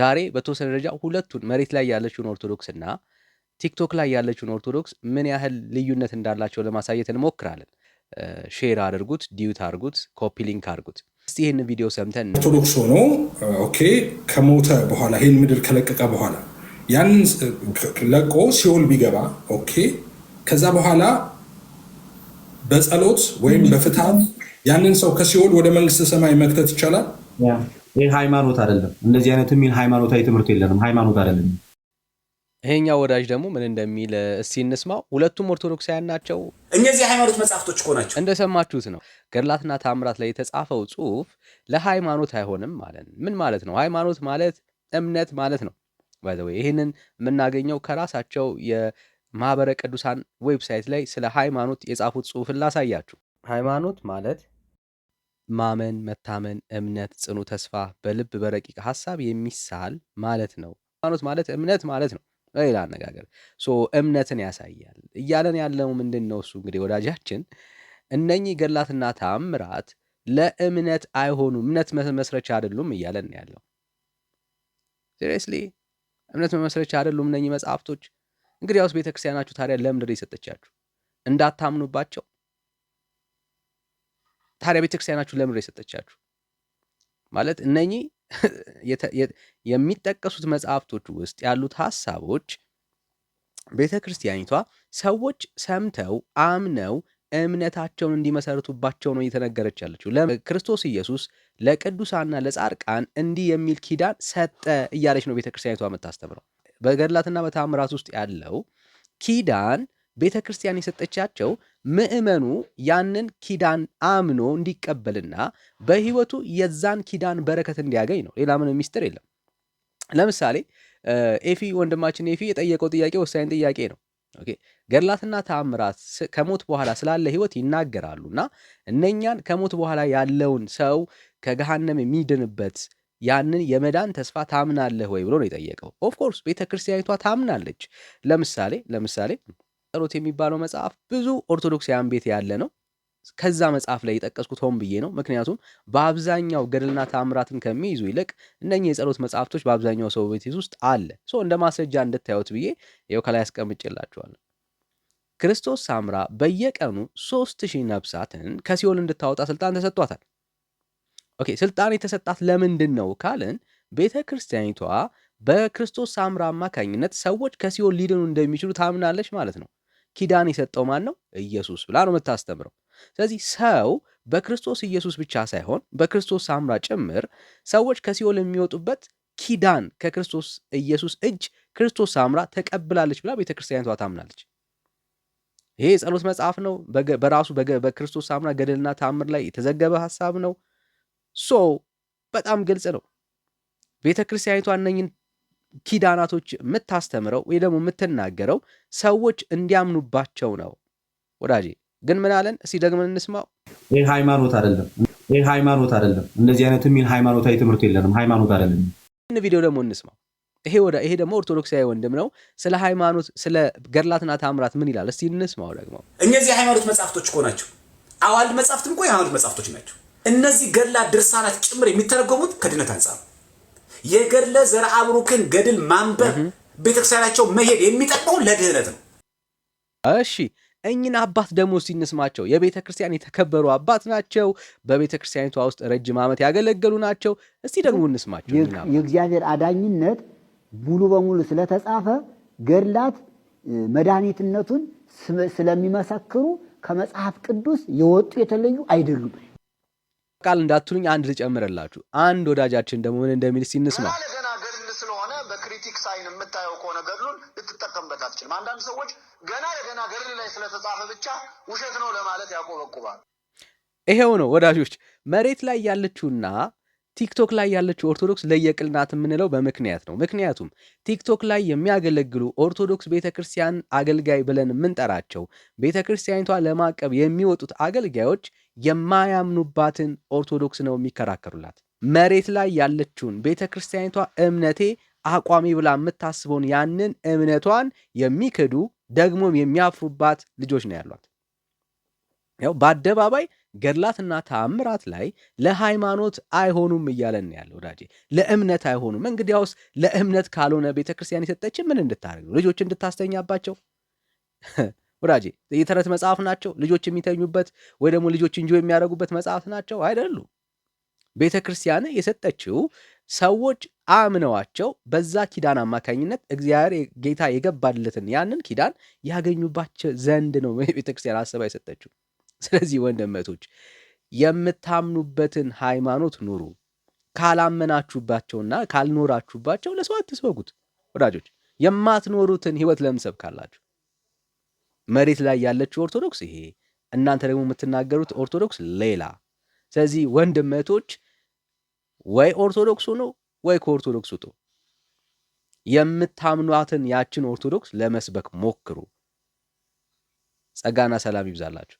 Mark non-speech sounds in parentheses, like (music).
ዛሬ በተወሰነ ደረጃ ሁለቱን መሬት ላይ ያለችውን ኦርቶዶክስ እና ቲክቶክ ላይ ያለችውን ኦርቶዶክስ ምን ያህል ልዩነት እንዳላቸው ለማሳየት እንሞክራለን። ሼር አድርጉት፣ ዲዩት አድርጉት፣ ኮፒ ሊንክ አድርጉት። እስቲ ይህን ቪዲዮ ሰምተን ኦርቶዶክስ ሆኖ ኦኬ ከሞተ በኋላ ይህን ምድር ከለቀቀ በኋላ ያንን ለቆ ሲኦል ቢገባ ኦኬ ከዛ በኋላ በጸሎት ወይም በፍትሃት ያንን ሰው ከሲኦል ወደ መንግስተ ሰማይ መክተት ይቻላል? ይህ ሃይማኖት አይደለም። እንደዚህ አይነት የሚል ሃይማኖታዊ ትምህርት የለንም። ሃይማኖት አይደለም። ይሄኛው ወዳጅ ደግሞ ምን እንደሚል እስቲ እንስማው። ሁለቱም ኦርቶዶክሳውያን ናቸው። እነዚህ ሃይማኖት መጽሐፍቶች እኮ ናቸው። እንደሰማችሁት ነው። ገድላትና ታምራት ላይ የተጻፈው ጽሁፍ ለሃይማኖት አይሆንም ማለት ምን ማለት ነው? ሃይማኖት ማለት እምነት ማለት ነው። ይ ይህንን የምናገኘው ከራሳቸው የማህበረ ቅዱሳን ዌብሳይት ላይ ስለ ሃይማኖት የጻፉት ጽሁፍን ላሳያችሁ። ሃይማኖት ማለት ማመን፣ መታመን፣ እምነት፣ ጽኑ ተስፋ በልብ በረቂቅ ሀሳብ የሚሳል ማለት ነው። ሃይማኖት ማለት እምነት ማለት ነው። በሌላ አነጋገር ሶ እምነትን ያሳያል እያለን ያለው ምንድን ነው? እሱ እንግዲህ ወዳጃችን እነኚህ ገላትና ታምራት ለእምነት አይሆኑም፣ እምነት መስረቻ አይደሉም እያለን ያለው ሲሪየስሊ፣ እምነት መመስረቻ አይደሉም እነኚህ መጽሐፍቶች። እንግዲህ ያውስ ቤተክርስቲያናችሁ ታዲያ ለምድር ነው የሰጠቻችሁ? እንዳታምኑባቸው ታዲያ ቤተክርስቲያናችሁ ለምድር የሰጠቻችሁ ማለት እነኚህ (laughs) የሚጠቀሱት መጽሐፍቶች ውስጥ ያሉት ሀሳቦች ቤተ ክርስቲያኒቷ ሰዎች ሰምተው አምነው እምነታቸውን እንዲመሰርቱባቸው ነው እየተነገረች ያለችው። ክርስቶስ ኢየሱስ ለቅዱሳንና ለጻድቃን እንዲህ የሚል ኪዳን ሰጠ እያለች ነው ቤተ ክርስቲያኒቷ የምታስተምረው። በገድላትና በታምራት ውስጥ ያለው ኪዳን ቤተ ክርስቲያን የሰጠቻቸው ምዕመኑ ያንን ኪዳን አምኖ እንዲቀበልና በህይወቱ የዛን ኪዳን በረከት እንዲያገኝ ነው። ሌላ ምንም ሚስጥር የለም። ለምሳሌ ኤፊ ወንድማችን ኤፊ የጠየቀው ጥያቄ ወሳኝ ጥያቄ ነው። ገድላትና ተአምራት ከሞት በኋላ ስላለ ህይወት ይናገራሉና እነኛን ከሞት በኋላ ያለውን ሰው ከገሃነም የሚድንበት ያንን የመዳን ተስፋ ታምናለህ ወይ ብሎ ነው የጠየቀው። ኦፍኮርስ ቤተ ክርስቲያኒቷ ታምናለች። ለምሳሌ ለምሳሌ ጸሎት የሚባለው መጽሐፍ ብዙ ኦርቶዶክሳውያን ቤት ያለ ነው። ከዛ መጽሐፍ ላይ የጠቀስኩት ሆን ብዬ ነው። ምክንያቱም በአብዛኛው ገድልና ታምራትን ከሚይዙ ይልቅ እነኚህ የጸሎት መጽሐፍቶች በአብዛኛው ሰው ቤት ውስጥ አለ። ሶ እንደ ማስረጃ እንድታዩት ብዬ ይኸው ከላይ አስቀምጬላችኋለሁ። ክርስቶስ ሳምራ በየቀኑ ሶስት ሺህ ነፍሳትን ከሲኦል እንድታወጣ ስልጣን ተሰጥቷታል። ኦኬ ስልጣን የተሰጣት ለምንድን ነው ካልን ቤተ ክርስቲያኒቷ በክርስቶስ ሳምራ አማካኝነት ሰዎች ከሲኦል ሊድኑ እንደሚችሉ ታምናለች ማለት ነው። ኪዳን የሰጠው ማን ነው? ኢየሱስ ብላ ነው የምታስተምረው። ስለዚህ ሰው በክርስቶስ ኢየሱስ ብቻ ሳይሆን በክርስቶስ ሳምራ ጭምር ሰዎች ከሲኦል የሚወጡበት ኪዳን ከክርስቶስ ኢየሱስ እጅ ክርስቶስ ሳምራ ተቀብላለች ብላ ቤተክርስቲያኒቷ ታምናለች። ይሄ የጸሎት መጽሐፍ ነው። በራሱ በክርስቶስ ሳምራ ገድልና ታምር ላይ የተዘገበ ሀሳብ ነው። ሶ በጣም ግልጽ ነው። ቤተክርስቲያኒቷ እነኝን ኪዳናቶች የምታስተምረው ወይ ደግሞ የምትናገረው ሰዎች እንዲያምኑባቸው ነው። ወዳጄ ግን ምን አለን? እስኪ ደግመን እንስማው። ይህ ሃይማኖት አይደለም፣ ይህ ሃይማኖት አይደለም። እንደዚህ አይነት የሚል ሃይማኖታዊ ትምህርት የለንም። ሃይማኖት አይደለም። ይህን ቪዲዮ ደግሞ እንስማው። ይሄ ወደ ይሄ ደግሞ ኦርቶዶክሳዊ ወንድም ነው። ስለ ሃይማኖት ስለ ገድላትና ታምራት ምን ይላል? እስቲ እንስማው ደግሞ። እነዚህ የሃይማኖት መጽሐፍቶች እኮ ናቸው። አዋልድ መጽሐፍትም እኮ የሃይማኖት መጽሐፍቶች ናቸው። እነዚህ ገድላት ድርሳናት ጭምር የሚተረጎሙት ከድነት አንጻር ነው። የገድለ አብሩክን ገድል ማንበብ ቤተክርስቲያናቸው መሄድ የሚጠቅመው ለድህነት ነው። እሺ እኝን አባት ደግሞ ሲንስማቸው የቤተ ክርስቲያን የተከበሩ አባት ናቸው። በቤተ ክርስቲያኒቷ ውስጥ ረጅም ዓመት ያገለገሉ ናቸው። እስቲ ደግሞ እንስማቸው። የእግዚአብሔር አዳኝነት ሙሉ በሙሉ ስለተጻፈ ገድላት መድኃኒትነቱን ስለሚመሰክሩ ከመጽሐፍ ቅዱስ የወጡ የተለዩ አይደሉም። ቃል እንዳትሉኝ አንድ ልጨምርላችሁ። አንድ ወዳጃችን ደግሞ ምን እንደሚል ሲንስማ ሳይን የምታየው ከሆነ ገድሉን ልትጠቀምበት አትችልም። አንዳንድ ሰዎች ገና ለገና ገድል ላይ ስለተጻፈ ብቻ ውሸት ነው ለማለት ያቆበቁባል። ይሄው ነው ወዳጆች፣ መሬት ላይ ያለችውና ቲክቶክ ላይ ያለችው ኦርቶዶክስ ለየቅል ናት የምንለው በምክንያት ነው። ምክንያቱም ቲክቶክ ላይ የሚያገለግሉ ኦርቶዶክስ ቤተ ክርስቲያን አገልጋይ ብለን የምንጠራቸው ቤተ ክርስቲያኒቷ ለማቀብ የሚወጡት አገልጋዮች የማያምኑባትን ኦርቶዶክስ ነው የሚከራከሩላት። መሬት ላይ ያለችውን ቤተ ክርስቲያኒቷ እምነቴ አቋሚ ብላ የምታስበውን ያንን እምነቷን የሚክዱ ደግሞም የሚያፍሩባት ልጆች ነው ያሏት። ያው በአደባባይ ገድላትና ተአምራት ላይ ለሃይማኖት አይሆኑም እያለን ያለ ወዳጄ፣ ለእምነት አይሆኑም። እንግዲያውስ ለእምነት ካልሆነ ቤተክርስቲያን የሰጠች ምን እንድታደርግ ነው? ልጆች እንድታስተኛባቸው ወዳጄ የተረት መጽሐፍ ናቸው? ልጆች የሚተኙበት ወይ ደግሞ ልጆች እንጆ የሚያደርጉበት መጽሐፍ ናቸው? አይደሉም። ቤተ ክርስቲያን የሰጠችው ሰዎች አምነዋቸው በዛ ኪዳን አማካኝነት እግዚአብሔር ጌታ የገባለትን ያንን ኪዳን ያገኙባቸው ዘንድ ነው ቤተ ክርስቲያን አስባ የሰጠችው። ስለዚህ ወንድመቶች የምታምኑበትን ሃይማኖት ኑሩ። ካላመናችሁባቸውና ካልኖራችሁባቸው ለሰው አትስበኩት። ወዳጆች የማትኖሩትን ህይወት ለምን ሰብካላችሁ? መሬት ላይ ያለችው ኦርቶዶክስ ይሄ፣ እናንተ ደግሞ የምትናገሩት ኦርቶዶክስ ሌላ። ስለዚህ ወንድም እህቶች ወይ ኦርቶዶክስ ሁኑ ወይ ከኦርቶዶክስ ውጡ። የምታምኗትን ያችን ኦርቶዶክስ ለመስበክ ሞክሩ። ጸጋና ሰላም ይብዛላችሁ።